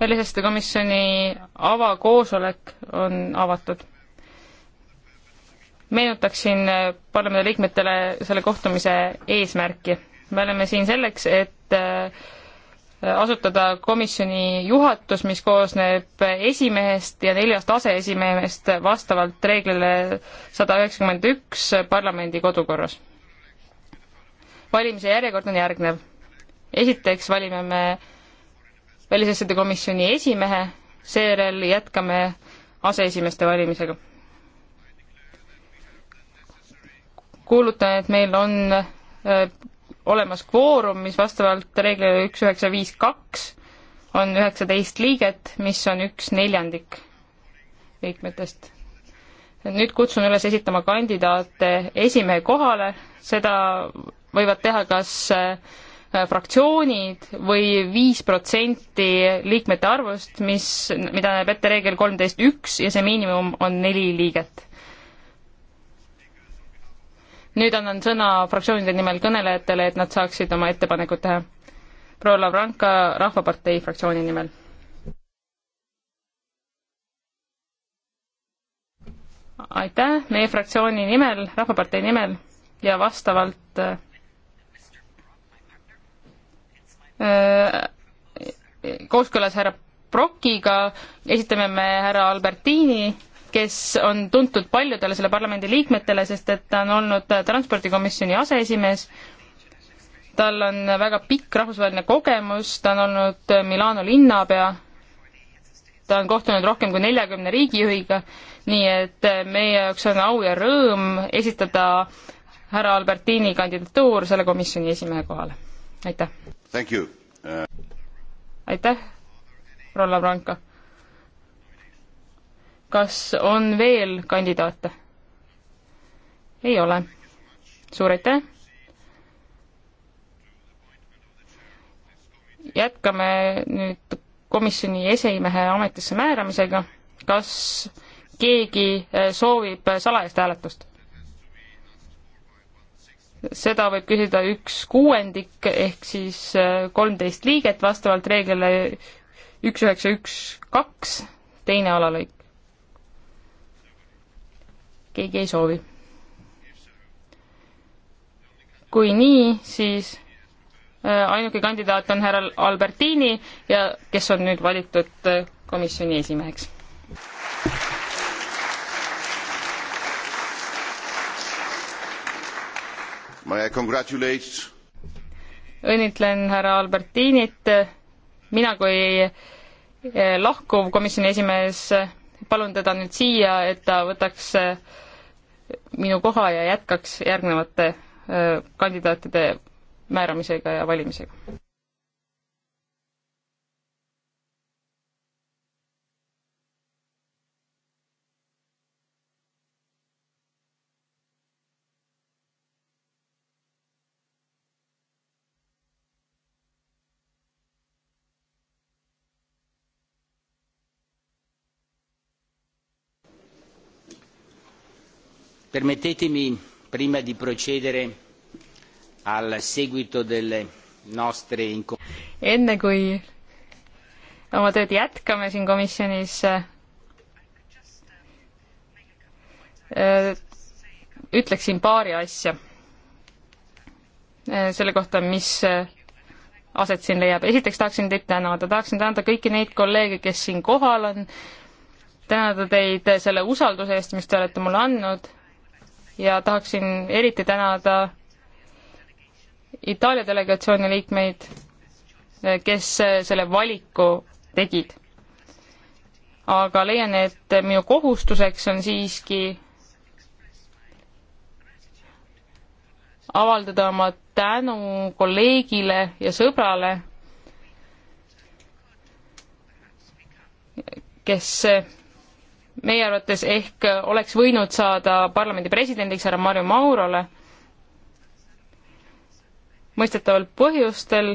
välisasjade komisjoni avakoosolek on avatud. meenutaksin parlamendi liikmetele selle kohtumise eesmärki. me oleme siin selleks, et äh, asutada komisjoni juhatus, mis koosneb esimehest ja neljast aseesimehest vastavalt reeglile sada üheksakümmend üks parlamendi kodukorras. valimise järjekord on järgnev esiteks valime me välisasjade komisjoni esimehe, seejärel jätkame aseesimeeste valimisega. kuulutan, et meil on öö, äh, olemas kvoorum, mis vastavalt reeglile üks üheksa viis kaks on üheksateist liiget, mis on üks neljandik liikmetest. nüüd kutsun üles esitama kandidaate esimehe kohale, seda võivad teha kas öö, äh, Äh, fraktsioonid või viis protsenti liikmete arvust, mis, mida näeb ette reegel kolmteist üks ja see miinimum on neli liiget. nüüd annan sõna fraktsioonide nimel kõnelejatele, et nad saaksid oma ettepanekud teha. proua Lavranka Rahvapartei fraktsiooni nimel. aitäh meie fraktsiooni nimel, Rahvapartei nimel ja vastavalt äh, Äh, kooskõlas härra Brokiga, esitame me härra Albertini, kes on tuntud paljudele selle parlamendi liikmetele, sest et ta on olnud transpordikomisjoni aseesimees, tal on väga pikk rahvusvaheline kogemus, ta on olnud Milano linnapea, ta on kohtunud rohkem kui neljakümne riigijuhiga, nii et meie jaoks on au ja rõõm esitada härra Albertini kandidatuur selle komisjoni esimehe kohale aitäh! aitäh, proua Lavranko! kas on veel kandidaate? ei ole. suur aitäh! jätkame nüüd komisjoni esimehe ametisse määramisega. kas keegi eh, soovib eh, salajast hääletust? seda võib küsida üks kuuendik ehk siis äh, kolmteist liiget vastavalt reeglile üks üheksa üks kaks, teine alalõik. keegi ei soovi. kui nii, siis äh, ainuke kandidaat on härra Albertini ja kes on nüüd valitud äh, komisjoni esimeheks õnnitlen härra Albertinit, mina kui eh, lahkuv komisjoni esimees palun teda nüüd siia, et ta võtaks eh, minu koha ja jätkaks järgnevate eh, kandidaatide määramisega ja valimisega. permettetemi prima di procedere al seguito delle nostre enne kui oma tööd jätkame siin komisjonis äh, ütleksin paari asja äh, selle kohta, mis äh, aset siin leiab. esiteks tahaksin teid tänada, tahaksin tänada kõiki neid kolleege, kes siin kohal on, tänada teid selle usalduse eest, mis te olete mulle andnud ja tahaksin eriti tänada Itaalia delegatsiooni liikmeid, kes selle valiku tegid. aga leian, et minu kohustuseks on siiski avaldada oma tänu kolleegile ja sõbrale, kes meie arvates ehk oleks võinud saada parlamendi presidendiks härra Marju Maurole. mõistetavalt põhjustel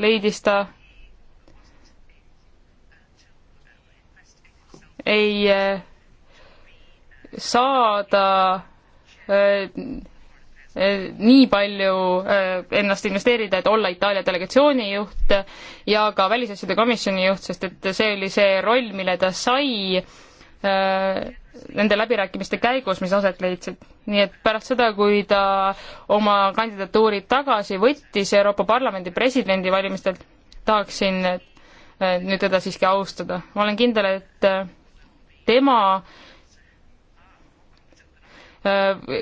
leidis ta ei äh, saada äh, äh, nii palju ennast investeerida, et olla Itaalia delegatsiooni juht ja ka välisasjade komisjoni juht, sest et see oli see roll, mille ta sai Äh, nende läbirääkimiste käigus, mis aset leidsid. nii et pärast seda, kui ta oma kandidatuuri tagasi võttis Euroopa Parlamendi presidendivalimistelt, tahaksin äh, nüüd teda siiski austada. ma olen kindel, et äh, tema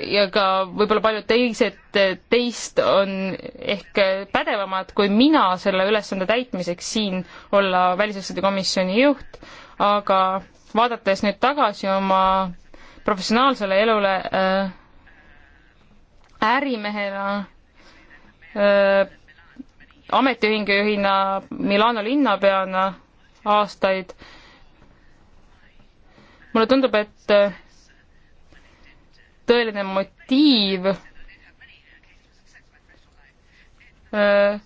ja ka võib-olla paljud teised teist on ehk pädevamad kui mina selle ülesande täitmiseks siin olla välisasjade komisjoni juht, aga vaadates nüüd tagasi oma professionaalsele elule äh, ärimehena äh,, ametiühingu juhina, Milano linnapeana aastaid, mulle tundub, et äh, tõeline motiiv äh,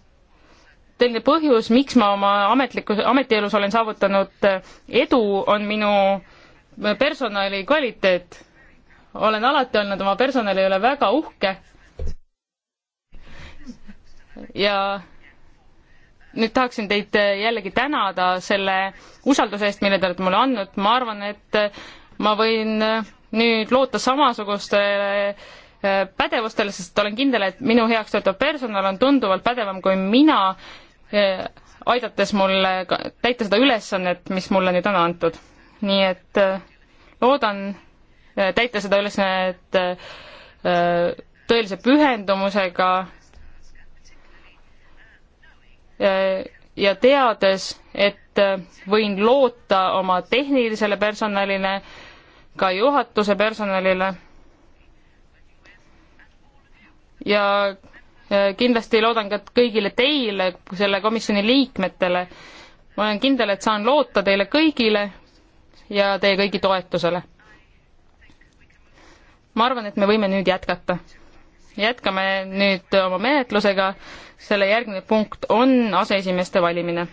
teine põhjus, miks ma oma ametlikus, ametielus olen saavutanud äh, edu, on minu äh, personali kvaliteet. olen alati olnud oma personali üle väga uhke. ja nüüd tahaksin teid äh, jällegi tänada selle usalduse eest, mille te olete mulle andnud, ma arvan, et ma võin nüüd loota samasugustele pädevustele, sest olen kindel, et minu heaks töötav personal on tunduvalt pädevam kui mina aidates mul täita seda ülesannet, mis mulle nüüd on antud. nii et äh, loodan äh, täita seda ülesannet äh, tõelise pühendumusega ja teades, et võin loota oma tehnilisele personalile, ka juhatuse personalile ja Äh, kindlasti loodan ka kõigile teile, selle komisjoni liikmetele. ma olen kindel, et saan loota teile kõigile ja teie kõigi toetusele. ma arvan, et me võime nüüd jätkata. jätkame nüüd oma menetlusega. selle järgmine punkt on aseesimeeste valimine.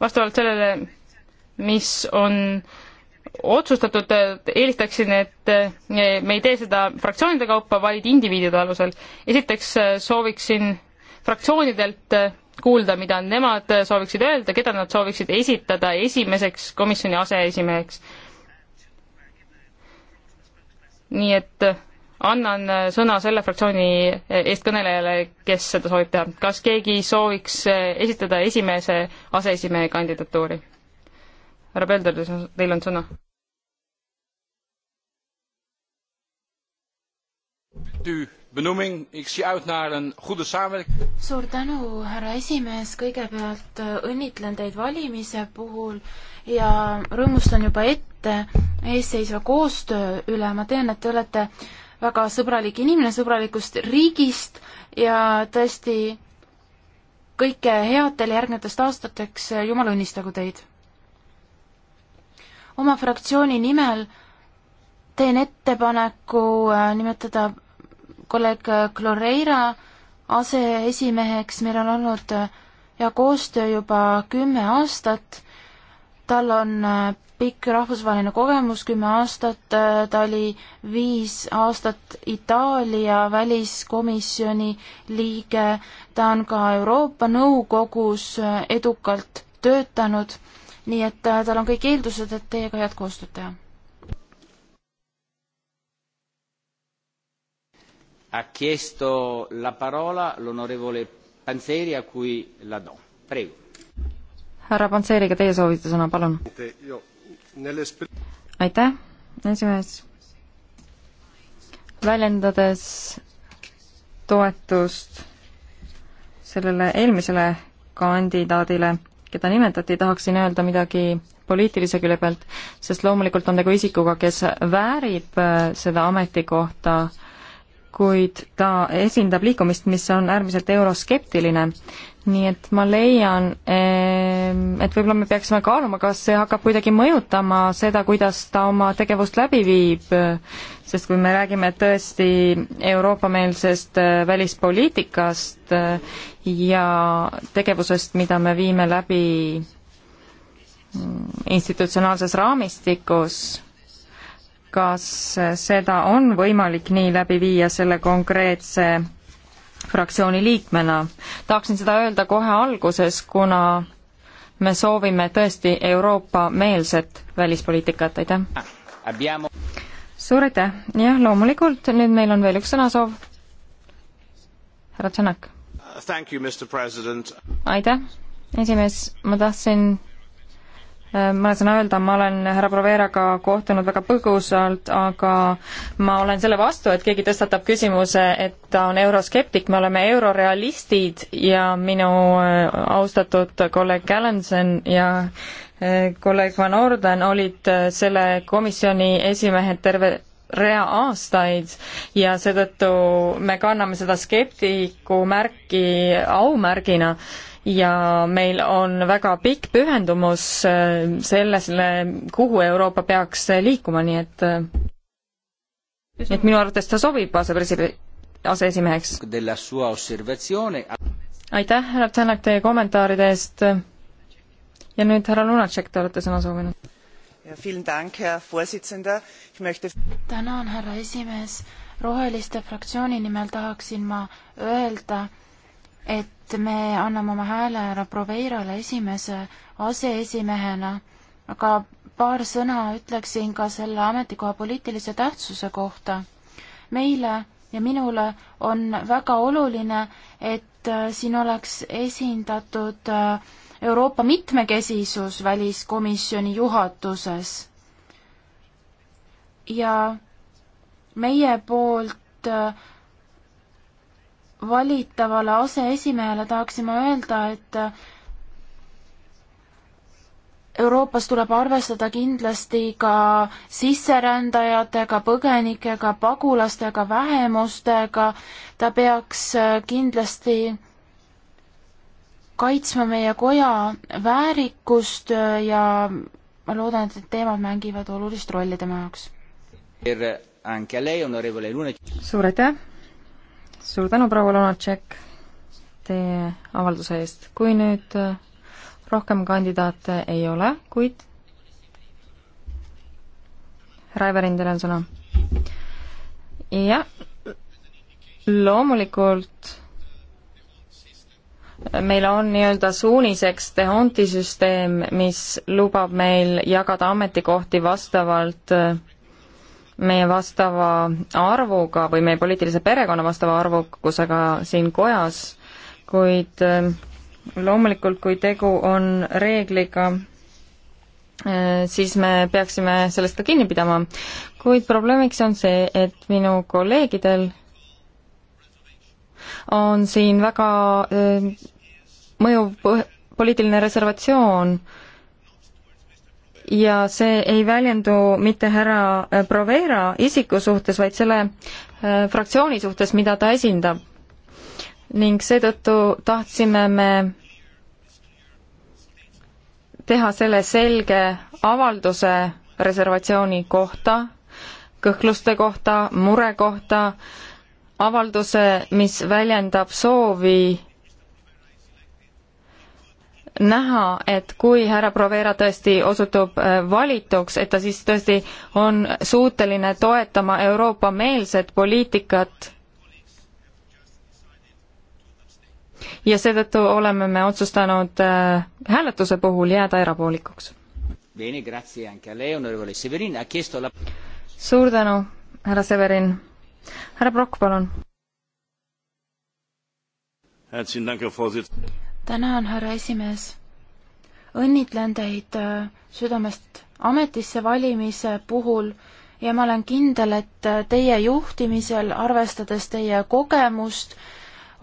vastavalt sellele, mis on otsustatud, eelistaksin, et eh, me ei tee seda fraktsioonide kaupa, vaid indiviidide alusel. esiteks eh, sooviksin fraktsioonidelt eh, kuulda, mida nemad sooviksid öelda, keda nad sooviksid esitada esimeseks komisjoni aseesimeheks. nii et annan sõna selle fraktsiooni eestkõnelejale, kes seda soovib teha. kas keegi sooviks esitada esimese aseesimehe kandidatuuri? härra Pelder, teil on sõna. suur tänu, härra esimees, kõigepealt äh, õnnitlen teid valimise puhul ja rõõmustan juba ette eesseisva koostöö üle, ma tean, et te olete väga sõbralik inimene sõbralikust riigist ja tõesti kõike head teile järgnevatest aastateks, äh, jumal õnnistagu teid! oma fraktsiooni nimel teen ettepaneku äh, nimetada kolleeg Cloreira aseesimeheks, meil on olnud äh, hea koostöö juba kümme aastat, tal on äh, pikk rahvusvaheline kogemus, kümme aastat, ta oli viis aastat Itaalia väliskomisjoni liige, ta on ka Euroopa Nõukogus edukalt töötanud nii et äh, tal on kõik eeldused, et teiega head koostööd teha. Ha chiesto la parola l'onorevole Panzeri a cui la do. Prego. härra Panzeri, ka teie soovite sõna, palun. aitäh, esimees. väljendades toetust sellele eelmisele kandidaadile keda nimetati, tahaksin öelda midagi poliitilise külje pealt, sest loomulikult on tegu isikuga, kes väärib äh, seda ametikohta, kuid ta esindab liikumist, mis on äärmiselt euroskeptiline nii et ma leian, et võib-olla me peaksime kaaluma, kas see hakkab kuidagi mõjutama seda, kuidas ta oma tegevust läbi viib, sest kui me räägime tõesti Euroopa-meelsest eh, välispoliitikast eh, ja tegevusest, mida me viime läbi mm, institutsionaalses raamistikus, kas eh, seda on võimalik nii läbi viia selle konkreetse fraktsiooni liikmena. tahaksin seda öelda kohe alguses, kuna me soovime tõesti Euroopa-meelset välispoliitikat, aitäh! suur aitäh, jah, loomulikult, nüüd meil on veel üks sõnasoov. härra Tšanak. aitäh, esimees, ma tahtsin Äh, mõne sõna öelda, ma olen härra Proveraga kohtunud väga põgusalt, aga ma olen selle vastu, et keegi tõstatab küsimuse, et ta on euroskeptik, me oleme eurorealistid ja minu äh, austatud kolleeg Gallanson ja äh, kolleeg Van Orden olid selle komisjoni esimehed terve rea aastaid ja seetõttu me kanname seda skeptiku märki aumärgina ja meil on väga pikk pühendumus äh, sellele, kuhu Euroopa peaks liikuma, nii et nii äh, et minu arvates ta sobib asepresi-, aseesimeheks. aitäh, härra Tänak, teie kommentaaride eest ja nüüd härra Lunatšek, te olete sõna soovinud. tänan, härra esimees. roheliste fraktsiooni nimel tahaksin ma öelda, et me anname oma hääle härra Proveirale esimese aseesimehena, aga paar sõna ütleksin ka selle ametikoha poliitilise tähtsuse kohta. meile ja minule on väga oluline, et äh, siin oleks esindatud äh, Euroopa mitmekesisus väliskomisjoni juhatuses. ja meie poolt äh, valitavale aseesimehele tahaksin ma öelda, et Euroopas tuleb arvestada kindlasti ka sisserändajatega, põgenikega, pagulastega, vähemustega, ta peaks kindlasti kaitsma meie koja väärikust ja ma loodan, et need teemad mängivad olulist rolli tema jaoks. suur aitäh, suur tänu, proua Lunatšek, teie avalduse eest. kui nüüd äh, rohkem kandidaate ei ole, kuid härra Everin, teil on sõna. jah, loomulikult meil on nii-öelda suuniseks Tehonti süsteem, mis lubab meil jagada ametikohti vastavalt äh, meie vastava arvuga või meie poliitilise perekonna vastava arvukusega siin kojas, kuid äh, loomulikult, kui tegu on reegliga, äh, siis me peaksime sellest ka kinni pidama. kuid probleemiks on see, et minu kolleegidel on siin väga äh, mõjuv poliitiline reservatsioon äh, ja see ei väljendu mitte härra äh, Provera isiku suhtes, vaid selle äh, fraktsiooni suhtes, mida ta esindab. ning seetõttu tahtsime me teha selle selge avalduse reservatsiooni kohta, kõhkluste kohta, mure kohta, avalduse, mis väljendab soovi näha, et kui härra Provera tõesti osutub äh, valituks, et ta siis tõesti on suuteline toetama Euroopa-meelset poliitikat ja seetõttu oleme me otsustanud äh, hääletuse puhul jääda erapoolikuks. La... suur tänu, härra Severin. härra Brock, palun tänan, härra esimees. õnnitlen teid äh, südamest ametisse valimise puhul ja ma olen kindel, et äh, teie juhtimisel, arvestades teie kogemust,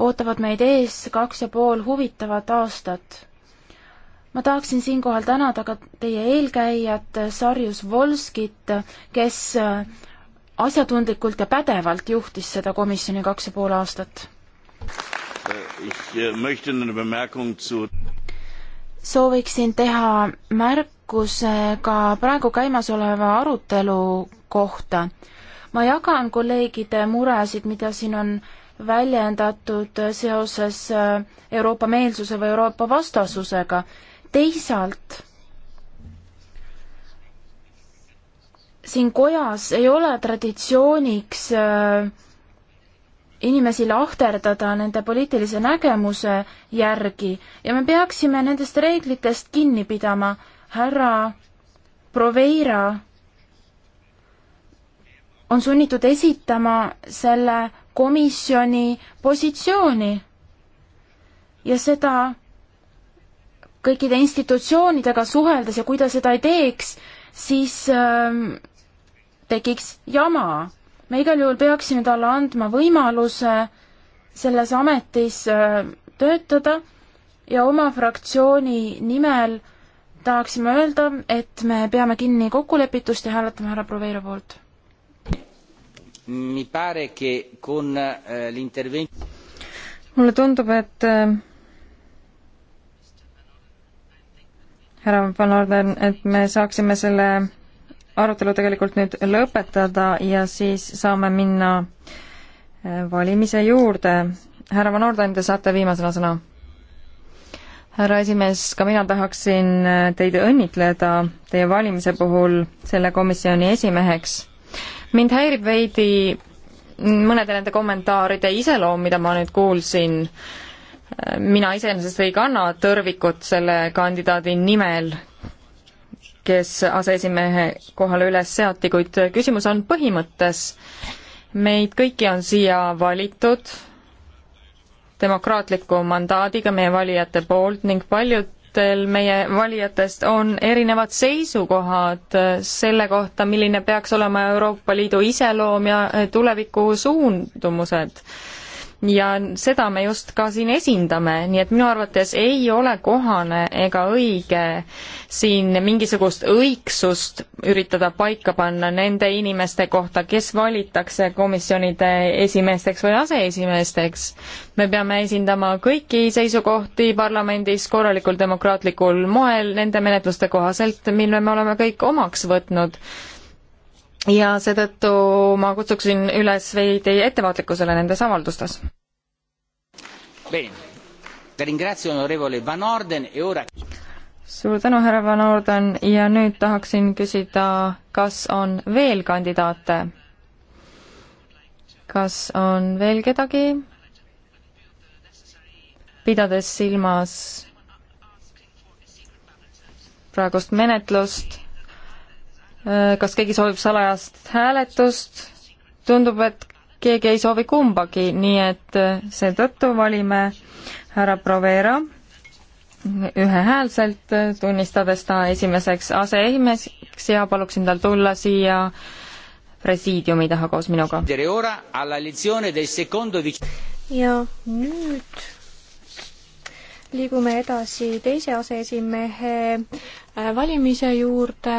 ootavad meid ees kaks ja pool huvitavat aastat. ma tahaksin siinkohal tänada ka teie eelkäijat äh, Sarjus Volskit, kes asjatundlikult ja pädevalt juhtis seda komisjoni kaks ja pool aastat. Äh, sooviksin teha märkuse ka praegu käimasoleva arutelu kohta. ma jagan kolleegide muresid, mida siin on väljendatud seoses äh, Euroopa meelsuse või Euroopa vastasusega. teisalt siin kojas ei ole traditsiooniks äh, inimesi lahterdada nende poliitilise nägemuse järgi ja me peaksime nendest reeglitest kinni pidama. härra Proveira on sunnitud esitama selle komisjoni positsiooni ja seda kõikide institutsioonidega suheldes ja kui ta seda ei teeks, siis äh, tekiks jama me igal juhul peaksime talle andma võimaluse selles ametis äh, töötada ja oma fraktsiooni nimel tahaksime öelda, et me peame kinni kokkulepitust ja hääletame härra Proveiro poolt. Äh, mulle tundub, et äh, härra Van Orden, et me saaksime selle arutelu tegelikult nüüd lõpetada ja siis saame minna äh, valimise juurde. härra Van Orden, te saate viimasena sõna. härra esimees, ka mina tahaksin äh, teid õnnitleda teie valimise puhul selle komisjoni esimeheks. mind häirib veidi mõnede nende kommentaaride iseloom, mida ma nüüd kuulsin äh, mina iseenesest ei kanna tõrvikut selle kandidaadi nimel, kes aseesimehe kohale üles seati, kuid küsimus on põhimõttes. meid kõiki on siia valitud demokraatliku mandaadiga meie valijate poolt ning paljudel meie valijatest on erinevad seisukohad selle kohta, milline peaks olema Euroopa Liidu iseloom ja tuleviku suundumused ja seda me just ka siin esindame, nii et minu arvates ei ole kohane ega õige siin mingisugust õigsust üritada paika panna nende inimeste kohta, kes valitakse komisjonide esimeesteks või aseesimeesteks. me peame esindama kõiki seisukohti parlamendis korralikul demokraatlikul moel nende menetluste kohaselt, mille me oleme kõik omaks võtnud ja seetõttu ma kutsuksin üles veidi ettevaatlikkusele nendes avaldustes. E suur tänu, härra Van Orden ja nüüd tahaksin küsida, kas on veel kandidaate? kas on veel kedagi? pidades silmas praegust menetlust Äh, kas keegi soovib salajast hääletust? tundub, et keegi ei soovi kumbagi, nii et äh, seetõttu valime härra Provera ühehäälselt, äh, tunnistades ta esimeseks aseesimeheks ja paluksin tal tulla siia presiidiumi taha koos minuga. ja nüüd liigume edasi teise aseesimehe valimise juurde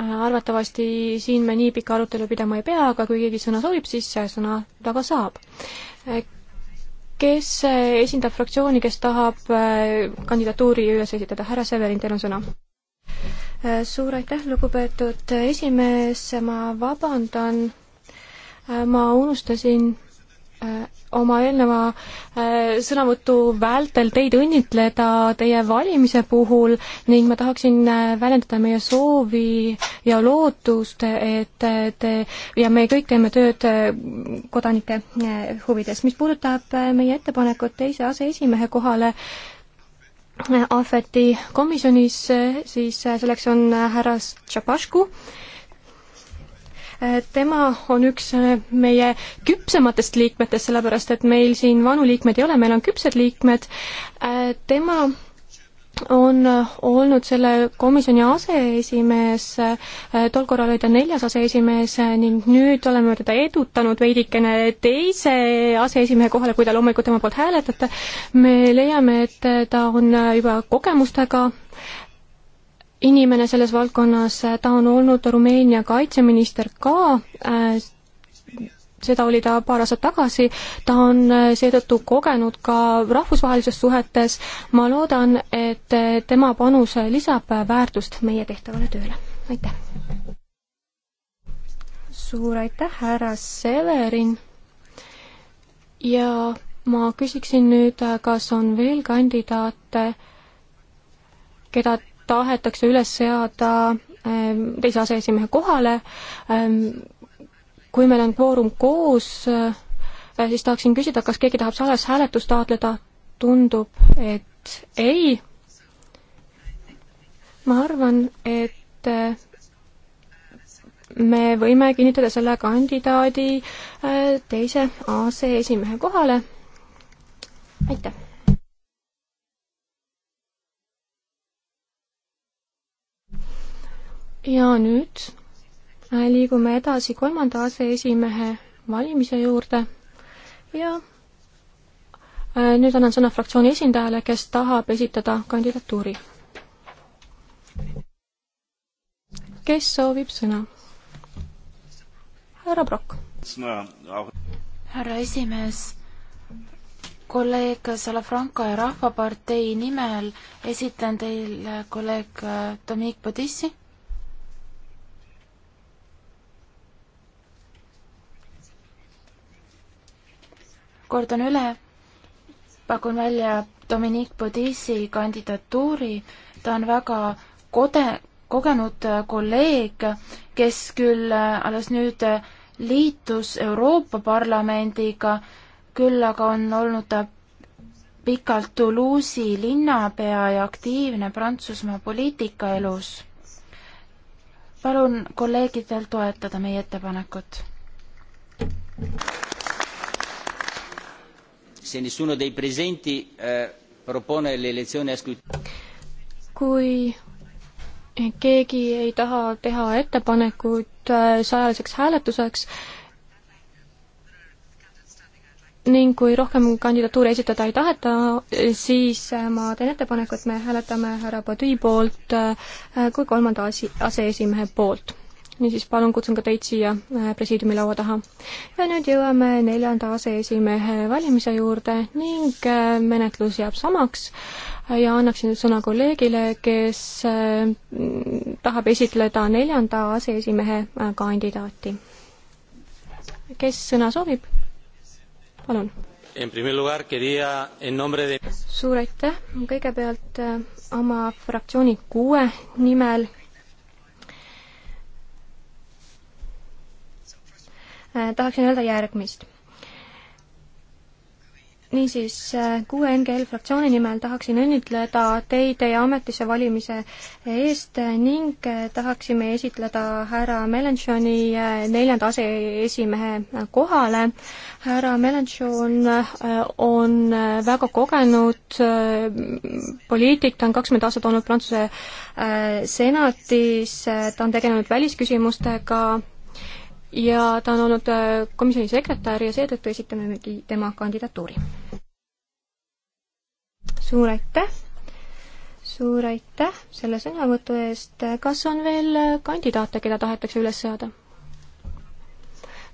Äh, arvatavasti siin me nii pika arutelu pidama ei pea, aga kui keegi sõna soovib, siis sõna ta ka saab. Äh, kes äh, esindab fraktsiooni, kes tahab kandidatuuri üles esitada? härra Severin, teil on sõna. suur aitäh, lugupeetud esimees, ma vabandan, ma unustasin Äh, oma eelneva äh, sõnavõtu vältel teid õnnitleda teie valimise puhul ning ma tahaksin äh, väljendada meie soovi ja lootust, et te ja me kõik teeme tööd kodanike huvides. mis puudutab meie ettepanekut teise aseesimehe kohale, Ahveti komisjonis, siis selleks on härra Tšapašku, Eh, tema on üks eh, meie küpsematest liikmetest, sellepärast et meil siin vanu liikmeid ei ole, meil on küpsed liikmed. Eh, tema on olnud selle komisjoni aseesimees, tol korral oli ta neljas aseesimees ning nüüd oleme teda edutanud veidikene teise aseesimehe kohale, kui te loomulikult tema poolt hääletate. me leiame, et ta on juba kogemustega inimene selles valdkonnas, äh, ta on olnud Rumeenia kaitseminister ka, äh, seda oli ta paar aastat tagasi, ta on äh, seetõttu kogenud ka rahvusvahelises suhetes, ma loodan, et tema panus lisab väärtust meie tehtavale tööle, aitäh! suur aitäh, härra Severin! ja ma küsiksin nüüd, kas on veel kandidaate, keda tahetakse üles seada ähm, teise aseesimehe kohale. Ähm, kui meil on kvoorum koos, äh, siis tahaksin küsida, kas keegi tahab salajast hääletust taotleda? tundub, et ei. ma arvan, et äh, me võime kinnitada selle kandidaadi äh, teise aseesimehe kohale. aitäh! ja nüüd äh, liigume edasi kolmanda aseesimehe valimise juurde ja äh, nüüd annan sõna fraktsiooni esindajale, kes tahab esitada kandidatuuri. kes soovib sõna? härra Brock. härra esimees, kolleeg Salafranca ja Rahvapartei nimel esitan teile kolleeg Dominique Bodissi kordan üle, pakun välja Dominique Bodisi kandidatuuri, ta on väga kode-, kogenud kolleeg, kes küll alles nüüd liitus Euroopa Parlamendiga, küll aga on olnud ta pikalt Toulouse'i linnapea ja aktiivne Prantsusmaa poliitikaelus. palun kolleegidel toetada meie ettepanekut se nessuno dei presenti eh, propone l'elezione a scrutinio. kui keegi ei taha teha ettepanekut eh, sajaliseks hääletuseks ning kui rohkem kandidatuure esitada ei taheta, eh, siis eh, ma teen ettepaneku, et me hääletame härra Padui poolt kui kolmanda asi, aseesimehe poolt niisiis palun kutsun ka teid siia äh, presiidiumi laua taha. ja nüüd jõuame neljanda aseesimehe valimise juurde ning äh, menetlus jääb samaks ja annaksin nüüd sõna kolleegile, kes äh, tahab esitleda neljanda aseesimehe kandidaati. kes sõna soovib? palun. suur aitäh, kõigepealt oma fraktsiooni kuue nimel Äh, tahaksin öelda järgmist. niisiis, äh, kuue NGL fraktsiooni nimel tahaksin õnnitleda teid teie ametisse valimise eest ning äh, tahaksime esitleda härra Melenchoni neljanda aseesimehe kohale. härra Melenchon on väga kogenud poliitik, ta on kakskümmend aastat olnud Prantsuse senatis, ta on tegelenud välisküsimustega ja ta on olnud äh, komisjoni sekretär ja seetõttu esitamegi tema kandidatuuri. suur aitäh! suur aitäh selle sõnavõtu eest, kas on veel äh, kandidaate, keda tahetakse üles seada?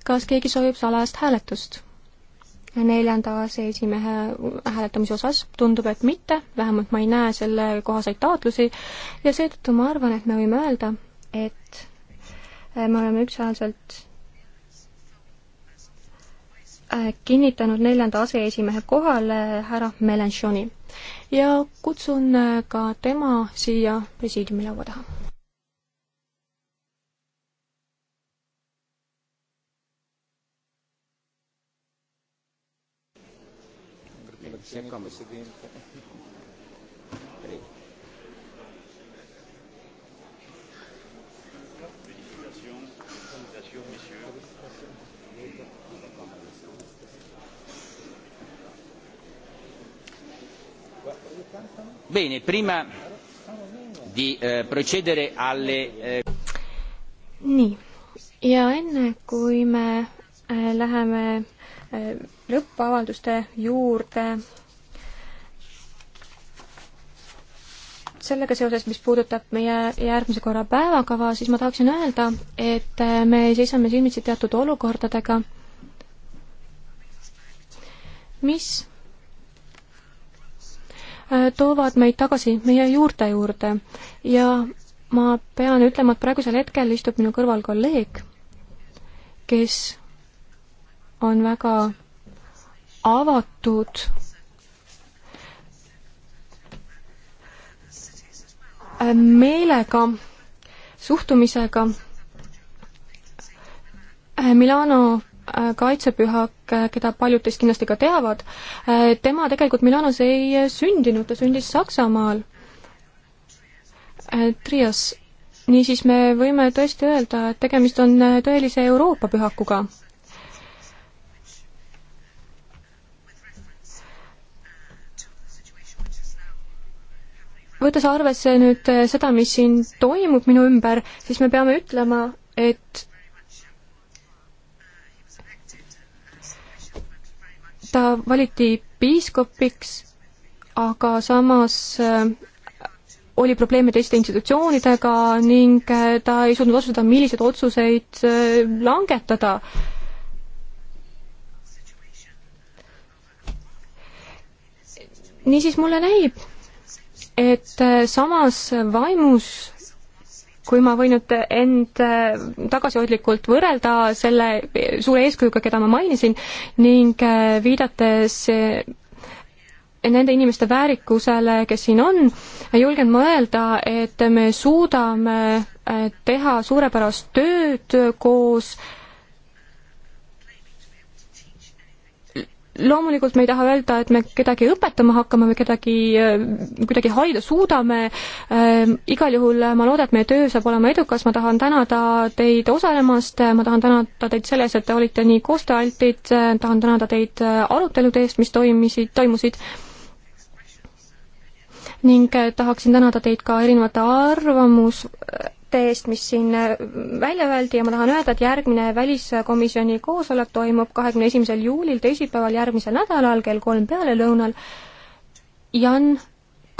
kas keegi soovib salajast hääletust? neljanda aseesimehe hääletamise osas tundub, et mitte, vähemalt ma ei näe sellekohaseid taotlusi ja seetõttu ma arvan, et me võime öelda, et äh, me oleme ükshäälselt Äh, kinnitanud neljanda aseesimehe kohale härra Melenchoni ja kutsun äh, ka tema siia presiidiumi laua taha. Grazie Bene, prima di eh, procedere alle eh... nii, ja enne kui me äh, läheme äh, lõppavalduste juurde, sellega seoses, mis puudutab meie järgmise korra päevakava, siis ma tahaksin öelda, et eh, me seisame silmitsi teatud olukordadega, mis Äh, toovad meid tagasi meie juurte juurde ja ma pean ütlema, et praegusel hetkel istub minu kõrval kolleeg, kes on väga avatud meelega, suhtumisega äh, Milano Äh, kaitsepühak, äh, keda paljud teist kindlasti ka teavad, äh, tema tegelikult Milanos ei sündinud, ta sündis Saksamaal, Trias. niisiis me võime tõesti öelda, et tegemist on tõelise Euroopa pühakuga võttes arvesse nüüd seda, mis siin toimub minu ümber, siis me peame ütlema, et ta valiti piiskopiks, aga samas äh, oli probleeme teiste institutsioonidega ning äh, ta ei suutnud otsustada, milliseid otsuseid äh, langetada. niisiis mulle näib, et samas vaimus kui ma võin nüüd end äh, tagasihoidlikult võrrelda selle suure eeskujuga, keda ma mainisin, ning äh, viidates äh, nende inimeste väärikusele, kes siin on, julgen ma öelda, et me suudame teha suurepärast tööd koos loomulikult me ei taha öelda, et me kedagi õpetama hakkame või kedagi äh, kuidagi harida suudame, ähm, igal juhul ma loodan, et meie töö saab olema edukas, ma tahan tänada teid osalemast, ma tahan tänada teid selles, et te olite nii koostööaltid, tahan tänada teid äh, arutelude eest, mis toimisid, toimusid, ning äh, tahaksin tänada teid ka erinevate arvamus, mõtte eest, mis siin äh, välja öeldi ja ma tahan öelda, et järgmine väliskomisjoni koosolek toimub kahekümne esimesel juulil, teisipäeval järgmisel nädalal kell kolm pealelõunal. Jan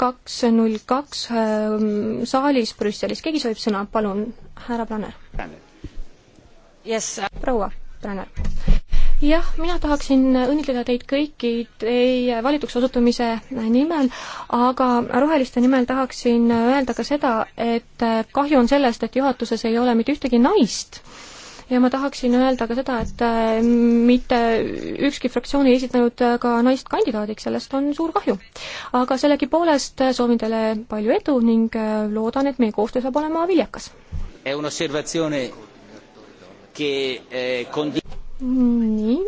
kaks null kaks ähm, saalis Brüsselis, keegi soovib sõna, palun, härra Branner. proua Branner jah, mina tahaksin õnnitleda teid kõiki teie valituks osutumise nimel, aga Roheliste nimel tahaksin öelda ka seda, et kahju on sellest, et juhatuses ei ole mitte ühtegi naist ja ma tahaksin öelda ka seda, et äh, mitte ükski fraktsioon ei esitanud ka naist kandidaadiks, sellest on suur kahju. aga sellegipoolest soovin teile palju edu ning äh, loodan, et meie koostöö saab olema viljakas nii,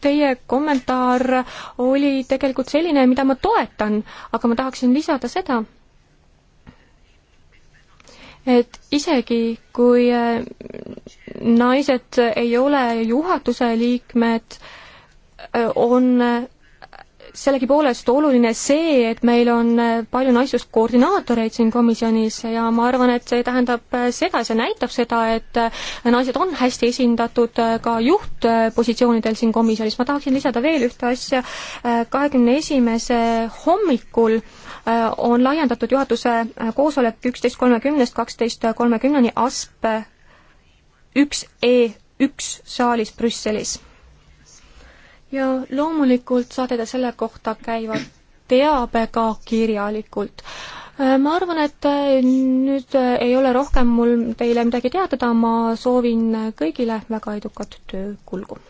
teie kommentaar oli tegelikult selline, mida ma toetan, aga ma tahaksin lisada seda, et isegi, kui äh, naised ei ole juhatuse liikmed, äh, on sellegipoolest oluline see, et meil on äh, palju naistest koordinaatoreid siin komisjonis ja ma arvan, et see tähendab äh, seda, see näitab seda, et äh, naised on hästi esindatud ka juhtpositsioonidel siin komisjonis. ma tahaksin lisada veel ühte asja, kahekümne esimese hommikul on laiendatud juhatuse koosolek üksteist kolmekümnest kaksteist kolmekümneni ASP üks E üks saalis Brüsselis ja loomulikult saate te selle kohta käiva teabe ka kirjalikult. Äh, ma arvan, et äh, nüüd äh, ei ole rohkem mul teile midagi teatada, ma soovin kõigile väga edukat töökulgu